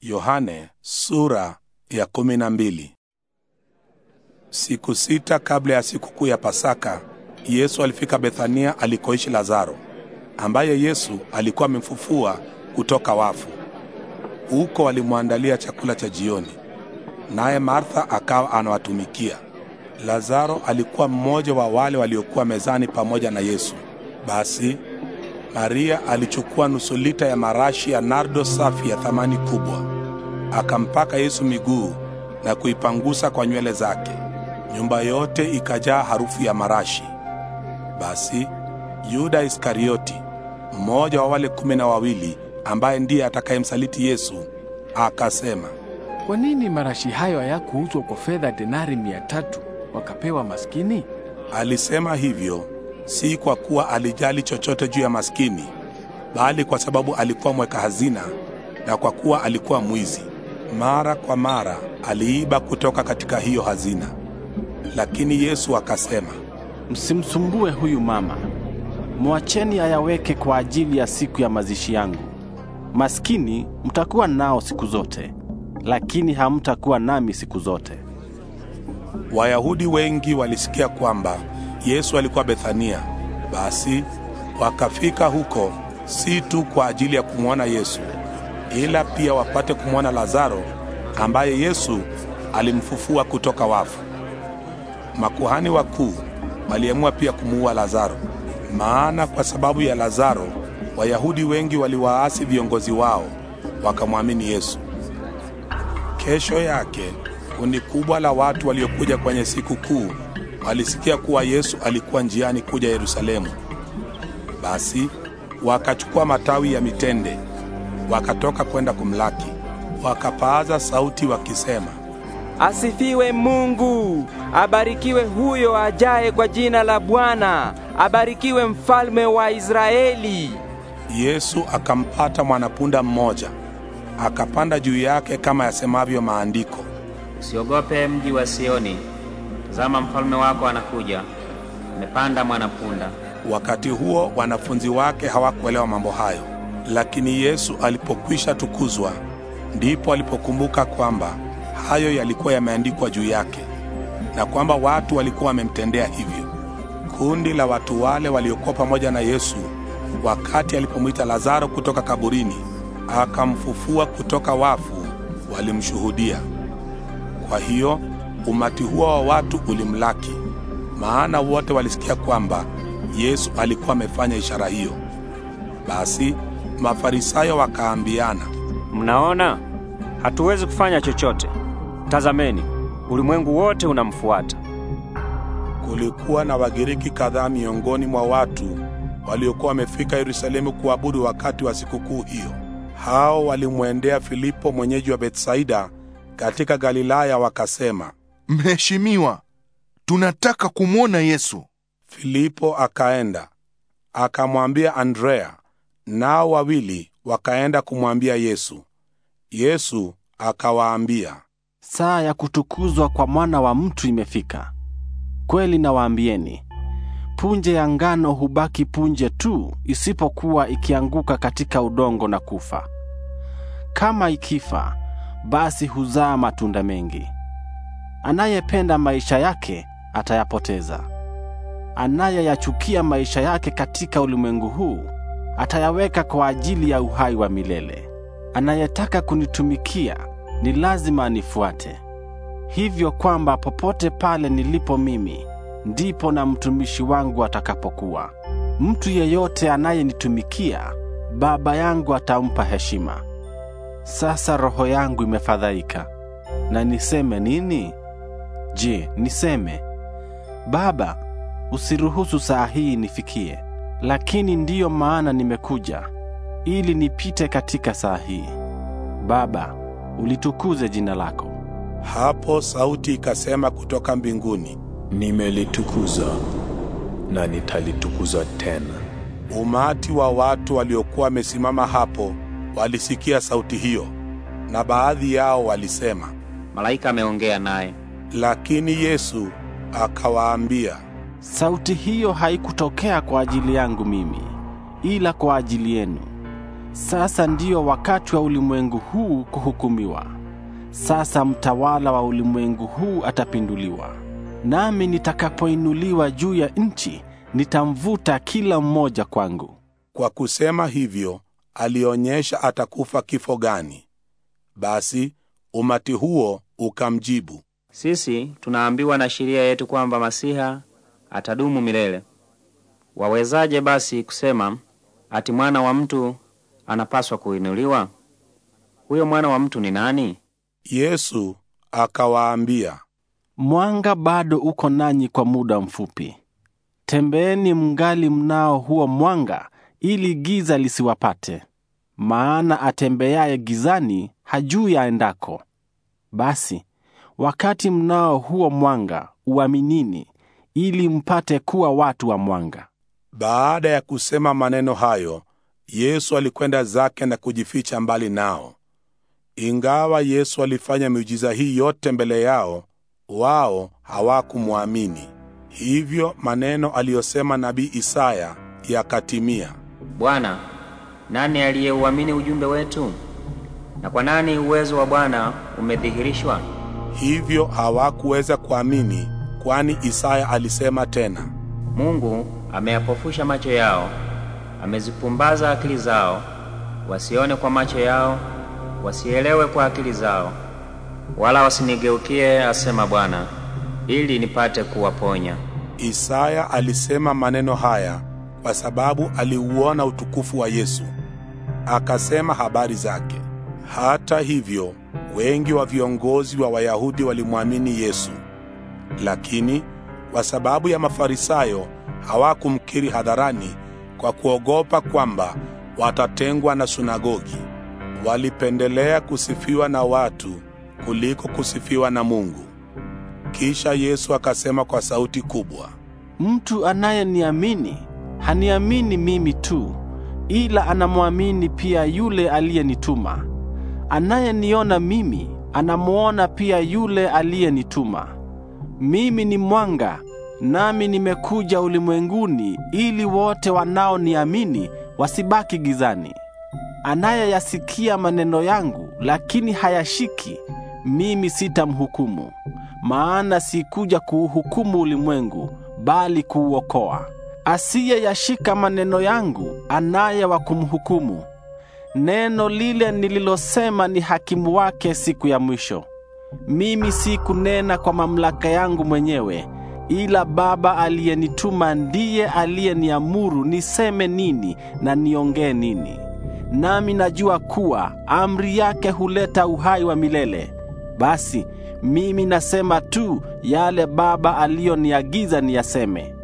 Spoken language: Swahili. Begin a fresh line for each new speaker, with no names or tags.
Yohane sura ya kumi na mbili. Siku sita kabla ya sikukuu ya Pasaka, Yesu alifika Bethania alikoishi Lazaro, ambaye Yesu alikuwa amemfufua kutoka wafu. Huko alimwandalia chakula cha jioni, naye Martha akawa anawatumikia. Lazaro alikuwa mmoja wa wale waliokuwa mezani pamoja na Yesu. Basi Maria alichukua nusu lita ya marashi ya nardo safi ya thamani kubwa, akampaka Yesu miguu na kuipangusa kwa nywele zake. Nyumba yote ikajaa harufu ya marashi. Basi Yuda Iskarioti, mmoja wa wale kumi na wawili, ambaye ndiye atakayemsaliti Yesu, akasema,
kwa nini marashi hayo hayakuuzwa kwa fedha denari mia tatu
wakapewa maskini? Alisema hivyo si kwa kuwa alijali chochote juu ya maskini, bali kwa sababu alikuwa mweka hazina na kwa kuwa alikuwa mwizi. Mara kwa mara aliiba kutoka katika hiyo hazina.
Lakini Yesu akasema, msimsumbue huyu mama, mwacheni ayaweke kwa ajili ya siku ya mazishi yangu. Maskini mtakuwa nao siku zote, lakini hamtakuwa nami siku zote.
Wayahudi wengi walisikia kwamba Yesu alikuwa Bethania. Basi wakafika huko si tu kwa ajili ya kumwona Yesu, ila pia wapate kumwona Lazaro ambaye Yesu alimfufua kutoka wafu. Makuhani wakuu waliamua pia kumuua Lazaro, maana kwa sababu ya Lazaro Wayahudi wengi waliwaasi viongozi wao wakamwamini Yesu. Kesho yake kundi kubwa la watu waliokuja kwenye siku kuu Walisikia kuwa Yesu alikuwa njiani kuja Yerusalemu. Basi wakachukua matawi ya mitende, wakatoka kwenda kumlaki, wakapaaza sauti wakisema, Asifiwe Mungu! Abarikiwe huyo ajaye kwa jina la Bwana! Abarikiwe mfalme wa Israeli! Yesu akampata mwanapunda mmoja, akapanda juu yake kama yasemavyo maandiko, Usiogope mji wa Sioni, tazama, mfalme wako anakuja amepanda mwanapunda. Wakati huo wanafunzi wake hawakuelewa mambo hayo, lakini Yesu alipokwisha tukuzwa, ndipo alipokumbuka kwamba hayo yalikuwa yameandikwa juu yake na kwamba watu walikuwa wamemtendea hivyo. Kundi la watu wale waliokuwa pamoja na Yesu wakati alipomwita Lazaro kutoka kaburini akamfufua kutoka wafu walimshuhudia. Kwa hiyo umati huo wa watu ulimlaki, maana wote walisikia kwamba Yesu alikuwa amefanya ishara hiyo. Basi Mafarisayo wakaambiana, mnaona, hatuwezi kufanya chochote. Tazameni, ulimwengu wote unamfuata. Kulikuwa na Wagiriki kadhaa miongoni mwa watu waliokuwa wamefika Yerusalemu kuabudu wakati wa sikukuu hiyo. Hao walimwendea Filipo mwenyeji wa Betsaida katika Galilaya wakasema, Mheshimiwa, tunataka kumwona Yesu. Filipo akaenda akamwambia Andrea, nao wawili wakaenda kumwambia Yesu. Yesu akawaambia,
saa ya kutukuzwa kwa mwana wa mtu imefika. Kweli nawaambieni, punje ya ngano hubaki punje tu, isipokuwa ikianguka katika udongo na kufa. Kama ikifa, basi huzaa matunda mengi. Anayependa maisha yake atayapoteza. Anayeyachukia maisha yake katika ulimwengu huu atayaweka kwa ajili ya uhai wa milele. Anayetaka kunitumikia ni lazima anifuate, hivyo kwamba popote pale nilipo mimi, ndipo na mtumishi wangu atakapokuwa. Mtu yeyote anayenitumikia Baba yangu atampa heshima. Sasa roho yangu imefadhaika, na niseme nini? Je, niseme Baba, usiruhusu saa hii nifikie, lakini ndiyo maana nimekuja ili nipite katika saa hii. Baba, ulitukuze jina lako. Hapo sauti ikasema kutoka
mbinguni, nimelitukuza na nitalitukuza tena. Umati wa watu waliokuwa wamesimama hapo walisikia sauti hiyo, na baadhi yao walisema, malaika ameongea naye. Lakini Yesu
akawaambia, sauti hiyo haikutokea kwa ajili yangu mimi, ila kwa ajili yenu. Sasa ndiyo wakati wa ulimwengu huu kuhukumiwa. Sasa mtawala wa ulimwengu huu atapinduliwa, nami nitakapoinuliwa juu ya nchi nitamvuta kila mmoja
kwangu. Kwa kusema hivyo, alionyesha atakufa kifo gani. Basi umati huo ukamjibu, sisi tunaambiwa na sheria yetu kwamba Masiha atadumu milele. Wawezaje basi kusema ati mwana wa mtu anapaswa kuinuliwa? Huyo mwana wa mtu ni nani? Yesu akawaambia,
mwanga bado uko nanyi kwa muda mfupi. Tembeeni mngali mnao huo mwanga, ili giza lisiwapate. Maana atembeaye gizani hajui aendako. Basi Wakati mnao huo mwanga, uaminini ili mpate kuwa watu wa mwanga. Baada ya kusema
maneno hayo, Yesu alikwenda zake na kujificha mbali nao. Ingawa Yesu alifanya miujiza hii yote mbele yao, wao hawakumwamini. Hivyo maneno aliyosema nabii Isaya yakatimia:
Bwana, nani aliyeuamini ujumbe wetu? Na kwa nani
uwezo wa Bwana umedhihirishwa? Hivyo hawakuweza kuamini, kwani Isaya alisema tena, Mungu ameyapofusha macho yao, amezipumbaza akili zao, wasione kwa macho yao, wasielewe kwa akili zao, wala wasinigeukie, asema Bwana, ili nipate kuwaponya. Isaya alisema maneno haya kwa sababu aliuona utukufu wa Yesu, akasema habari zake. Hata hivyo, wengi wa viongozi wa Wayahudi walimwamini Yesu, lakini kwa sababu ya Mafarisayo hawakumkiri hadharani kwa kuogopa kwamba watatengwa na sunagogi. Walipendelea kusifiwa na watu kuliko kusifiwa na Mungu. Kisha Yesu akasema kwa sauti kubwa,
mtu anayeniamini haniamini mimi tu, ila anamwamini pia yule aliyenituma. Anayeniona mimi anamwona pia yule aliyenituma. Mimi ni mwanga, nami nimekuja ulimwenguni ili wote wanaoniamini wasibaki gizani. Anayeyasikia maneno yangu lakini hayashiki, mimi sitamhukumu, maana sikuja kuuhukumu ulimwengu, bali kuuokoa. Asiyeyashika maneno yangu anaye wa kumhukumu neno lile nililosema ni hakimu wake siku ya mwisho. Mimi si kunena kwa mamlaka yangu mwenyewe, ila Baba aliyenituma ndiye aliyeniamuru niseme nini na niongee nini. Nami najua kuwa amri yake huleta uhai wa milele. Basi mimi nasema tu yale Baba aliyoniagiza niyaseme.